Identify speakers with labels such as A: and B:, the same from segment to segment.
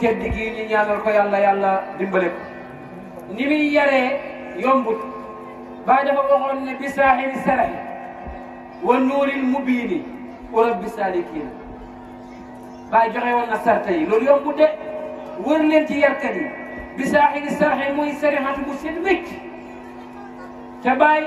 A: tedd gi ñu ñaanal ko yàlla yàlla dimbale ko ni muy yaree yombut baay dafa waxoon ne bi saaxiri saraxi wa nuuril mubiini wa rabbi saalikiina baay joxe woon na sarta yi loolu yombut de wër leen ci yarkat yi bi saaxiri saraxi muy sarixatu bu seen wécc te baay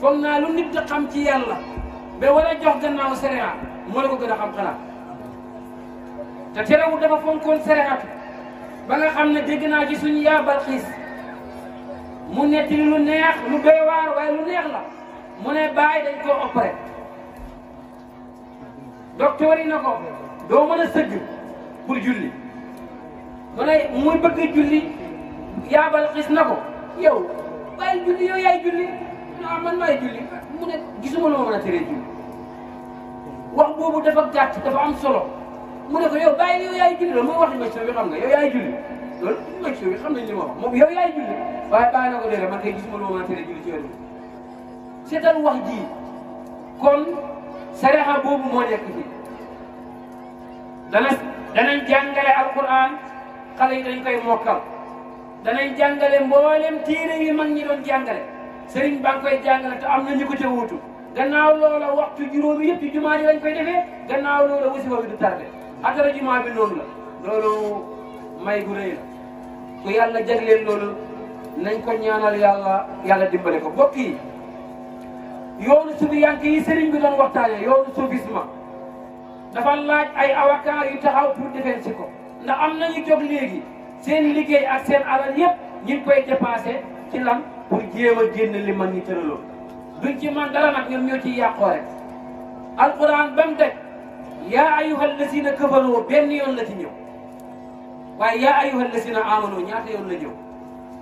A: foog naa lu nit xam ci yàlla ba war a jox gannaaw sarixa moo la ko gën a xam xanaa te terewul dafa fonkoon Saraxatu ba nga xam ne dégg naa ci suñu yaa Balxiis mu netti lu neex lu doy waar waaye lu neex la mu ne bàyyi dañ koo opéré docteur yi na ko doo mën a sëgg pour julli mu ne muy bëgg julli yaa Balxiis na ko yow bàyyi julli yow yaay julli non man maay julli mu ne gisuma lu ma mën a teree julli wax boobu dafa gàtt dafa am solo mu ne ko yow bàyyi yow yaay julli la muy waxi médecin bi xam nga yow yaay julli loolu médecin bi xam nañ li ma moom yow yaay julli waaye bàyyi na ko déedéet man kay gis ma lu ma mën tere julli ci yow seetal wax ji kon sarexa boobu moo nekk fii dana danañ jàngale alquran xale yi dañ koy mokkal danañ jàngale mboolem téere yi mag ñi doon jàngale sëriñ baa ngi koy jàngale te am na ñu ko ca wuutu gannaaw loola waxtu juróomi yëpp ci jumaa ji lañ koy defee gannaaw loola wasifa bi du tardé atara jumaa bi loolu la loolu may gu rëy la ku yàlla jagleen loolu nañ ko ñaanal yàlla yàlla dimbale ko mbokk yi yoonu suufi yank yi sëriñ bi doon waxtaane yoonu soufisme dafa laaj ay avocat yi taxaw pour defeen si ko ndax am nañu jóg léegi seen liggéey ak seen alal yëpp ñu koy dépassé ci lan pour jéem a génn li man ñi tëraloon duñ ci man dara nag ñoom ñoo ciy yàqoo rek alquran ba yaa ayyuhal lazina kafaroo benn yoon la ci ñëw waaye yaa ayyuhal lazina amanoo ñaata yoon la ñëw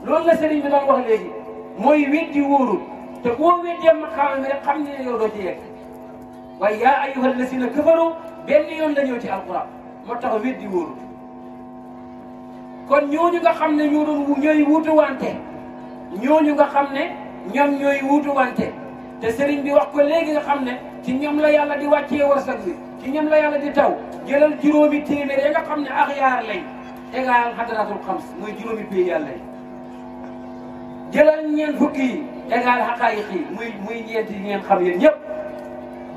A: lool la sëriñ bi doon wax léegi mooy weddi wóorul te boo weddee maqaama bi rek xam ne yow doo ci yegg waaye yaa ayyuhal lazina kafaroo benn yoon la ñëw ci alquran moo tax weddi wóorul kon ñooñu nga xam ne ñoo doon ñooy wutuwante ñooñu nga xam ne ñoom ñooy wutuwante te sëriñ bi wax ko léegi nga xam ne ci ñoom la yàlla di wàccee warsak bi ci la yàlla di taw jëlal juróomi téeméer ya nga xam ne axyaar lañ tegaal xadaratul xams mooy juróomi pay yàlla yi jëlal ñeen fukki yi tegaal xaqaayiq yi muy muy ñeenti ñeen xam yéen ñëpp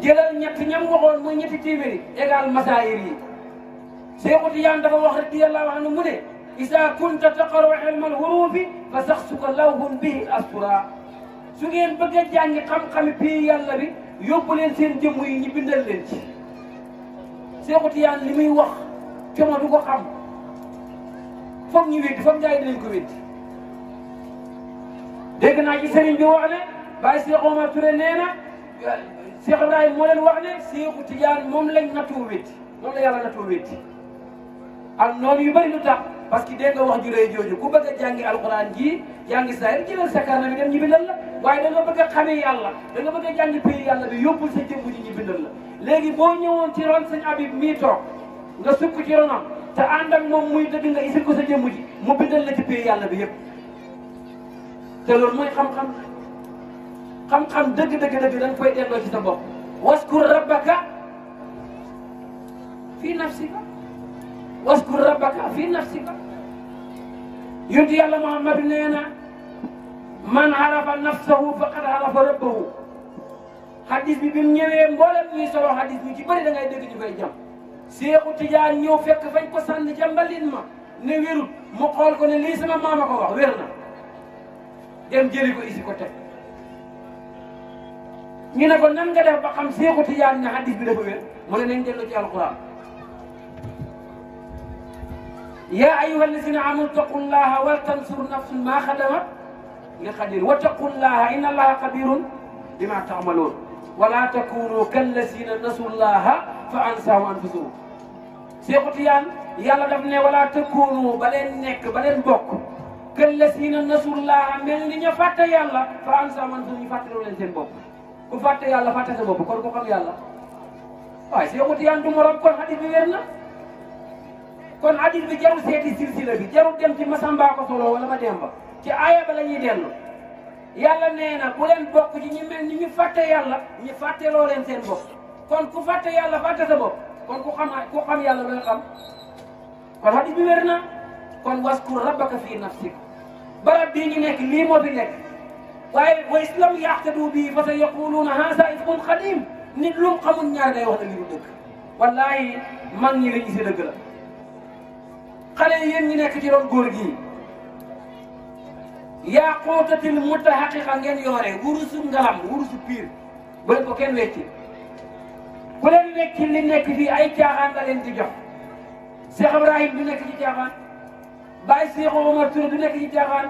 A: jëlal ñett ñam waxoon muy ñetti téeméeri tegaal masaayir yi Seexu Tijaan dafa wax radiyallaahu anhu mu ne isa kunta taqaru ilmal huruufi fa saxsuka lawhun bihi asura su ngeen bëgg a jàngi xam-xami pay yàlla bi yóbbu seen jëmm yi ñu bindal leen ci Seexu Tijaan li muy wax coono du ko xam foog ñu wéddi foog njaay dinañ ko wéddi dégg naa ci sëriñ bi wax ne Baye Cheikh Omar Touré nee na Cheikh Ibrahima moo leen wax ne Seexu Tijaan moom lañ natoo wéddi moom la yàlla natoo wéddi ak noonu yu bëri lu tax parce que dégg nga wax ju rëy jooju ku bëgg a jàngi alxuraan ji jàngi saa yëpp jëlal sa kaar na mi dem ñibbi lan la waaye da nga bëgg a xamee yàlla da nga bëgg a jàng pays yàlla bi yóbbul sa jëmm ji ñu bindal la léegi boo ñëwoon ci ron sëñ Habib mii toog nga sukk ci ronam te ànd ak moom muy dëgg nga isil ko sa jëmm ji mu bindal la ci pays yàlla bi yëpp te loolu mooy xam-xam xam-xam dëgg-dëgg dëgg da nga koy delloo ci sa bopp waskur rabbaka fii nafsika waskur rabbaka fii nafsika yontu yàlla Muhammad nee na man arafa nafsahu faqad arafa rabbahu xadis bi bi mu ñëwee mboolem ñuy solo xadis bi ci bëri da ngay dégg ñu koy jam seexu tijaan ñëw fekk fañ ko sànni ca mbalit ma ne wérul mu xool ko ne lii sama maama ko wax wér na dem jëli ko isi ko teg ñu ne ko nan nga def ba xam seexu tijaan ne xadis bi dafa wér mu ne nañ dellu ci alquran yaa ayuha alladina amanu taqullaha wal tansur nafsun ma xadamat لقدير واتقوا الله إن الله قدير بما تعملون ولا تكونوا كالذين نسوا الله فأنساهم أنفسهم سيقول yàlla daf ne wala tëkkoonu ba leen nekk ba leen bokk këllasiina nasullaha mel ni ña fàtte yàlla fa ansa man suñu fàttaloo leen seen bopp ku fàtte yàlla fàtte sa bopp kon ko xam yàlla waaye si yoxuti yaan du morom kon hadis bi wér na kon hadis bi jarul seeti silsila bi jarul dem ci masamba ko solo wala ma demba ci aaya ba la ñuy dellu yàlla nee na bu leen bokk ci ñu mel ni ñu fàtte yàlla ñu fàtte loo leen seen bopp kon ku fàtte yàlla fàtte sa bopp kon ku xam ku xam yàlla looy xam kon hadis bi wér na kon waskur rabbaka fii nafsik barab bii ñu nekk lii moo bi nekk waaye wa islam yaxtadu bii fa sa yaquluuna haasa ifkun xadim nit lu mu xamul ñaar day wax ne lii du dëgg wallaahi mag ñi lañu si dëgg la xale yéen ñi nekk ci ron góor gi yaa xootatil mutta xaqiqa ngeen yoore wurusu ngalam wurusu piir booy ko kenn wecci ku leen wecci li nekk fii ay caaxaan la leen di jox Cheikh Ibrahim du nekk ci caaxaan Baye Cheikh Omar Touré du nekk ci caaxaan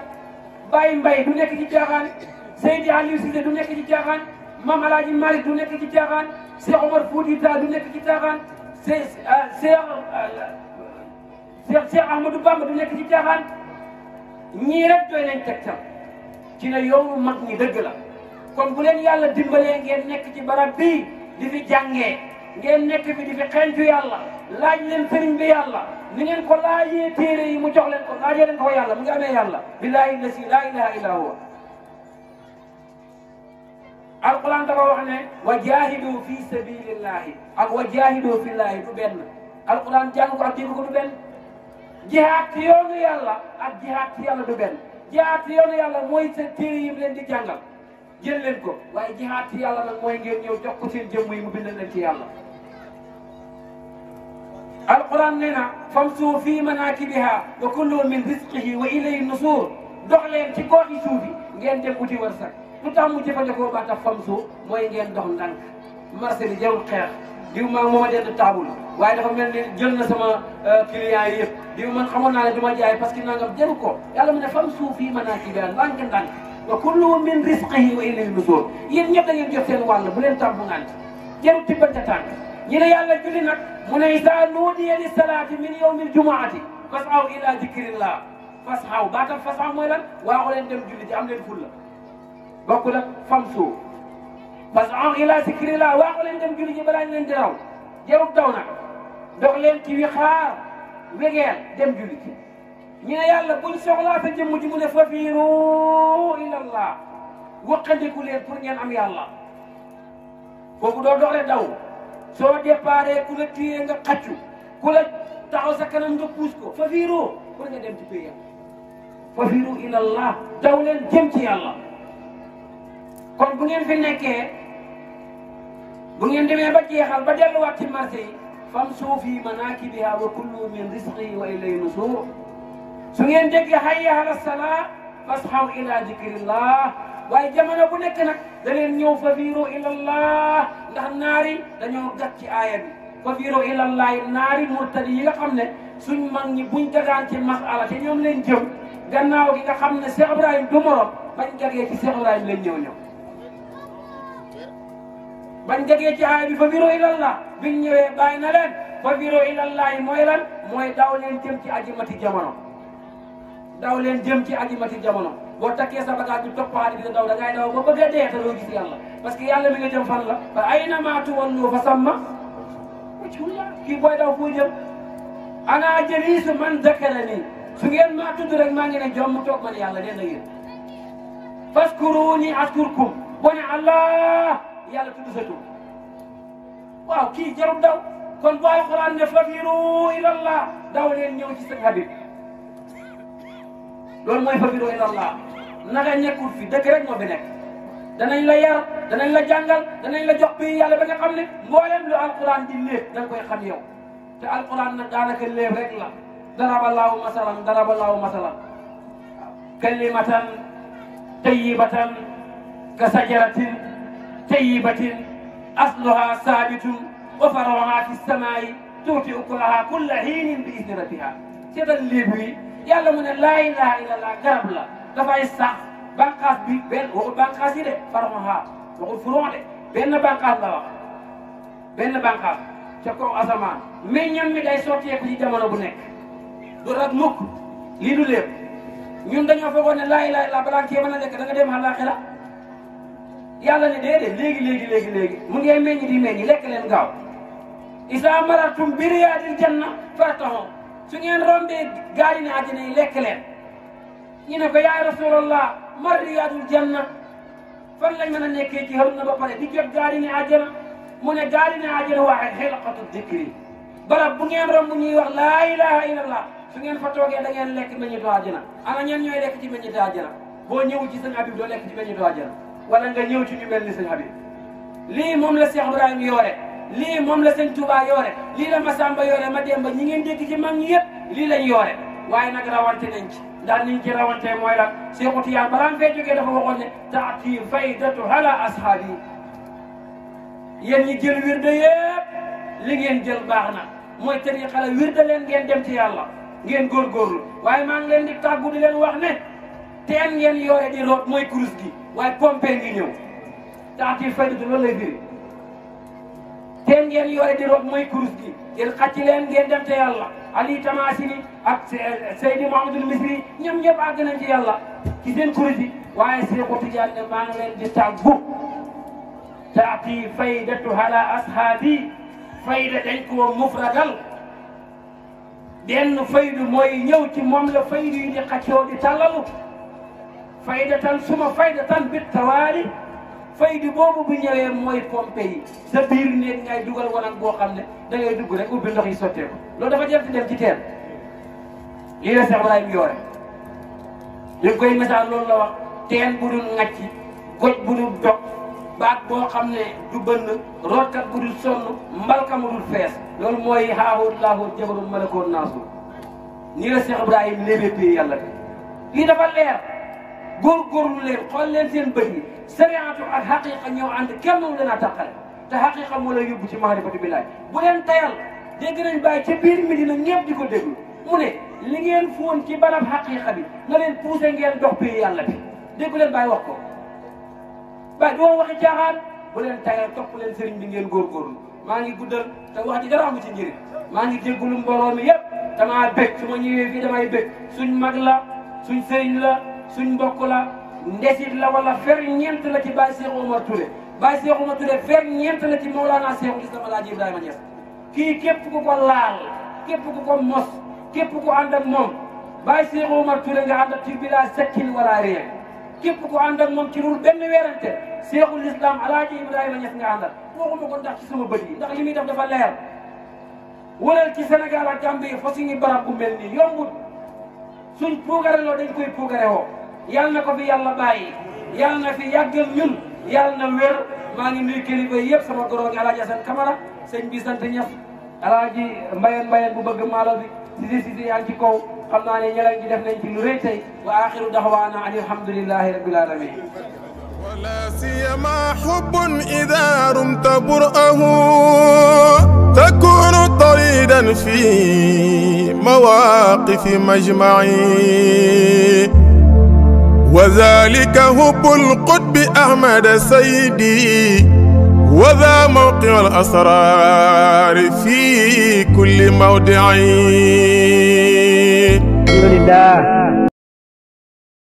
A: Baye Mbaye du nekk ci caaxaan Seydi Aliou Cissé du du nekk ci caaxaan Cheikh Omar Fouti du nekk ci caaxaan Cheikh Cheikh Ahmadou Bamba du nekk ci caaxaan ñii rek doy nañ ci ne yow mag ñi dëgg la kon bu leen yàlla dimbalee ngeen nekk ci barab bii di fi jàngee ngeen nekk fi di fi xencu yàlla laaj leen sëriñ bi yàlla ni ngeen ko laajee téere yi mu jox leen ko laajee leen ko yàlla mu ngi amee yàlla billaahi lasi laa ilaha illa huwa alquran dafa wax ne wa jaahidu fi sabilillahi ak wa jaahidu fillahi du benn alquran jàng ko ak dégg du benn jihaat ci yoonu yàlla ak jihaat ci yàlla du benn jihaat ci yoonu yàlla mooy seen téere yi leen di jàngal jël ko waaye jihaat ci yàlla nag mooy ngeen ñëw jox ko seen jëmm yi mu bind leen ci yàlla alquran nee na famsu fi manakibiha wa kullu min risqihi wa ilayhi nusur dox leen ci koo i suufi ngeen dem uti wërsëg lu tax mu jëfandikoo ba tax famsu mooy ngeen dox ndànk marché bi jarul xeex diw maa mooma dend taabul waaye dafa mel na sama euh, client yi yëpp diw naa ne du ma jaay parce que nangam jaru ko yàlla mu ne fam suuf fii manaakibihaa ndànk ndànk wa kulu min rizqihi wa ilayhi nusur yéen ñëpp da ngeen jot seen wàll bu leen tàmbu ngant jaru tibbante tànk ñi ne yàlla julli nag mu ne izaa nuudiya li salaati min yawmil jumaati fasaw ila zikrillah fasaw baatam fasaw mooy lan waaxu leen dem julli ji am leen fulla bokkul ak famsu parce que on ila zikrillah waaxu leen dem julli ji balaa ñu leen di raw jarut daw nag dox leen ci wi xaar wegeel dem julli ji ñu ne yàlla buñ soxlaa sa jëmm ji mu ne fafiiru ilallah waqandiku leen pour ngeen am yàlla kooku doo doxle daw soo déparé ku la téye nga xaccu ku la taxaw sa keneen nga puus ko fafiiru pour nga dem ci pay yàlla fafiiru ilallah daw leen jëm ci yàlla kon bu ngeen fi nekkee bu ngeen demee ba jeexal ba delluwaat ci marché yi fam suufi manaakibiha wa kullu min risqi wa ilay nusuur su ngeen déggee hayya ala salaa fasxaw ila zikrillah waaye jamono bu nekk nag da leen ñëw fafiiru ilallah ndax naari dañoo gàtt ci aaya bi fafiiru ilallah naari murtadi yi nga xam ne suñ mag ñi buñ dagaan ci masala te ñoom leen jëm gannaaw gi nga xam ne si Ibrahim du morom bañ jagee ci Cheikh Ibrahim leen ñëw ñëw man jógee ci aay bi fa biro ilallah biñ ñëwee bàyyi na leen fa biro ilallahi mooy lan mooy daw leen jëm ci ajimati jamono daw leen jëm ci ajimati jamono boo takkee sa bagage bi topp xaalis bi daw da ngay daw ba bëgg a dee gis yàlla parce que yàlla mi nga jëm fan la fa ayna maa tuwallu man dakara nii su ngeen maa tudd rek maa ngi ne jom mu toog man yàlla den na yéen faskuruni askurkum bo allah yàlla tudd waaw kii jarul daw kon bu alquran ne fafiru ilallah daw leen ñëw ci seen habib loolu mooy fafiru ilallah naka nekkul fi dëgg rek moo fi nekk danañ la yar danañ la jàngal danañ la jox bi yàlla ba xam ne mbooleem lu alquran di koy xam yow te alquran nag daanaka léeb rek la daraba laahu masalan daraba laahu masalan kalimatan tayyibatan ka sajaratin طيبة أصلها ثابت وفرعها في السماء تؤتي أكلها كل حين بإذن ربها تدلي بي يلا من لا إله إلا الله قرب لا دفع الساعة بانقاس بي بين هو بانقاس دي فرعها وقول فروع دي بين بانقاس لا بين بانقاس تكو أزمان من يمي داي سوتي في جمانو بنك دورات مك لي دو ليب ñun dañoo foogoon ne laa ilaha illa balaa kee mën a nekk da nga dem àllaaxira yàlla ne déedéet léegi léegi léegi léegi mu ngi meññ di meññ lekk leen gaaw isa marartum bi riyaadil janna fartahu su ngeen rombee gaari ne àddina yi lekk leen ñu ne ko yaay rasulallah mar riyaadil janna fan lañ mën a nekkee ci xaruna ba pare di jot gaari ne àjjana mu ne gaari ne àjjana waaye xelqatu dikri barab bu ngeen romb ñuy wax laa ilaha illallah su ngeen fa toogee da ngeen lekk meññitu àjjana ana ñan ñooy lekk ci meññitu àjjana boo ñëwul ci sëñ wala nga ñëw ci ñu mel ni sëñ Habib lii moom la seex Cheikh Ibrahima yoore lii moom la sëñ Touba yoore lii la Massamba yoore ma dem ba ñi ngeen dégg ci mag ñi yëpp lii lañ yoore waaye nag rawante nañ ci ndax niñ ci rawante mooy lan Cheikh Tiyaan balaam fee jógee dafa waxoon ne taati faydatu ala ashaabi yéen ñi jël wirde yëpp li ngeen jël baax na mooy tariqa la wirde leen ngeen dem ci yàlla ngeen góorgóorlu waaye maa ngi leen di tàggu di leen wax ne teen ngeen yore di root mooy kurus gi waaye pompe ngi ñëw taati faydu loolu lay teen ngeen yore di root mooy kurus gi yéen xacci leen ngeen dem te yàlla ali tamasini ak seydi mahamadul misri ñoom ñëpp àgg nañ ci yàlla ci seen kurus yi waaye Seexu Tijaan ne maa ngi leen di tàggu taati faydatu hala ashaabi fayda dañ koo mufradal benn faydu mooy ñëw ci moom la faydu yi di xaccoo di tàllalu fayda tan suma fayda tan bit tawaali faydi boobu bu ñëwee mooy pompe yi sa biir néeg ngay dugal walan boo xam ne da ngay dugg rek ubbi ndox yi sottee loolu dafa jël di dem ci teen lii la Cheikh Ibrahim yoore ñu ngi koy misaal loolu la wax teen bu dul ŋàcc goj bu dul dog baat boo xam ne du bënn rootkat bu dul sonn mbalka fees loolu mooy xaahuut laahuut jabarul malakoon naasu nii la Cheikh Ibrahim léebee yàlla bi lii dafa leer قر قر الليل قل الليل زين بهني سريعة الحقيقة نيو عند كم ولنا تقل تحقيقة مولا يبت ما هي بدي بلاي بدن تيل دقيرة باي تبين مدينة نيب دي كل دقيرة مولي لين فون كي بلاف حقيقة بي نلين بوزن جيل دوح بي يالله بي دقيرة باي وقو باي دوا وقت جاهل بدن تيل توك بدن سرين بين قر قر ما هي قدر تواجه جرام بتجيري ما هي تقولون بلامي يب تما بيت تما يبي تما يبي سن مغلا سن سين لا suñ mbokk la ndesit la wala fer ñeent la ci Baye Cheikh Omar Touré Baye Cheikh Omar Touré fer ñeent la ci Mawlana Cheikhul Islam Alaaji Ibrahima Niass kii képp ku ko laal képp ku ko mos képp ku ànd moom Baye Cheikh Omar Touré nga ànd ak ci bila sekkin wala rien képp ku ànd ak moom ci loolu benn weerante Cheikhul Islam Alaaji Ibrahima Niass nga àndal waxuma ko ndax ci suma bët yi ndax li muy def dafa leer wala ci Sénégal ak Gambie fa suñu barab bu mel suñ puugare loo dañ koy puugare woo yal na ko fi yàlla bàyyi yal na fi yàggal ñun yal na wér maa ngi nuyu kilifa yëpp sama goroo gi alaaji Asan Kamara sëñ bi sant ñëpp alaaji mbayeen mbayeen bu bëgg maalo bi sisi sisi yaa ngi ci kaw xam naa ne ñeneen ñi def nañ ci lu rëy tey wa axiru daxwaana an alhamdulillahi rabbil alamin ولا سيما حب إذا في مواقف مجمعي وذلك هب القطب أحمد سيدي وذا موقع الأسرار في كل موضعي الحمد لله